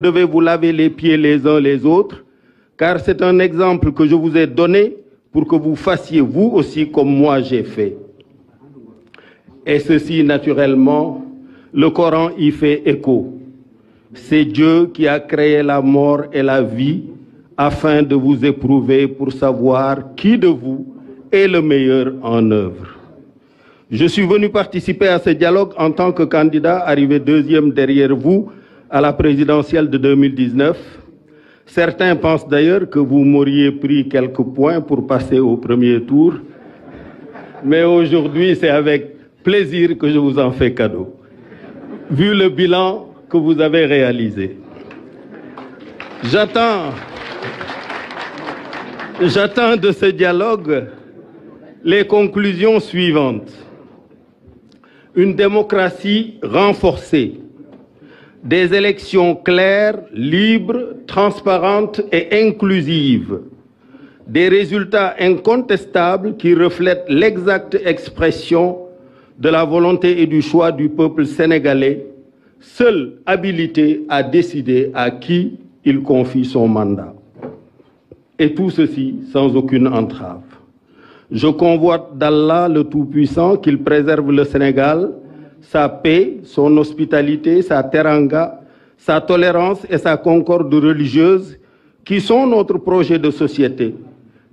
devez vous laver les pieds les uns les autres, car c'est un exemple que je vous ai donné pour que vous fassiez vous aussi comme moi j'ai fait. Et ceci, naturellement, le Coran y fait écho. C'est Dieu qui a créé la mort et la vie afin de vous éprouver pour savoir qui de vous est le meilleur en œuvre. Je suis venu participer à ce dialogue en tant que candidat arrivé deuxième derrière vous à la présidentielle de 2019. Certains pensent d'ailleurs que vous m'auriez pris quelques points pour passer au premier tour. Mais aujourd'hui, c'est avec plaisir que je vous en fais cadeau, vu le bilan que vous avez réalisé. J'attends, j'attends de ce dialogue les conclusions suivantes. Une démocratie renforcée des élections claires, libres, transparentes et inclusives, des résultats incontestables qui reflètent l'exacte expression de la volonté et du choix du peuple sénégalais, seul habilité à décider à qui il confie son mandat. Et tout ceci sans aucune entrave. Je convoite d'Allah le Tout-Puissant qu'il préserve le Sénégal sa paix, son hospitalité, sa teranga, sa tolérance et sa concorde religieuse qui sont notre projet de société.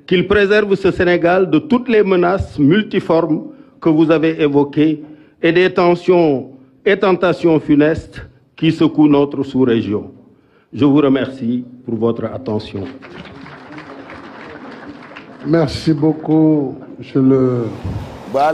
Qu'il préserve ce Sénégal de toutes les menaces multiformes que vous avez évoquées et des tensions et tentations funestes qui secouent notre sous-région. Je vous remercie pour votre attention. Merci beaucoup, le... Bah,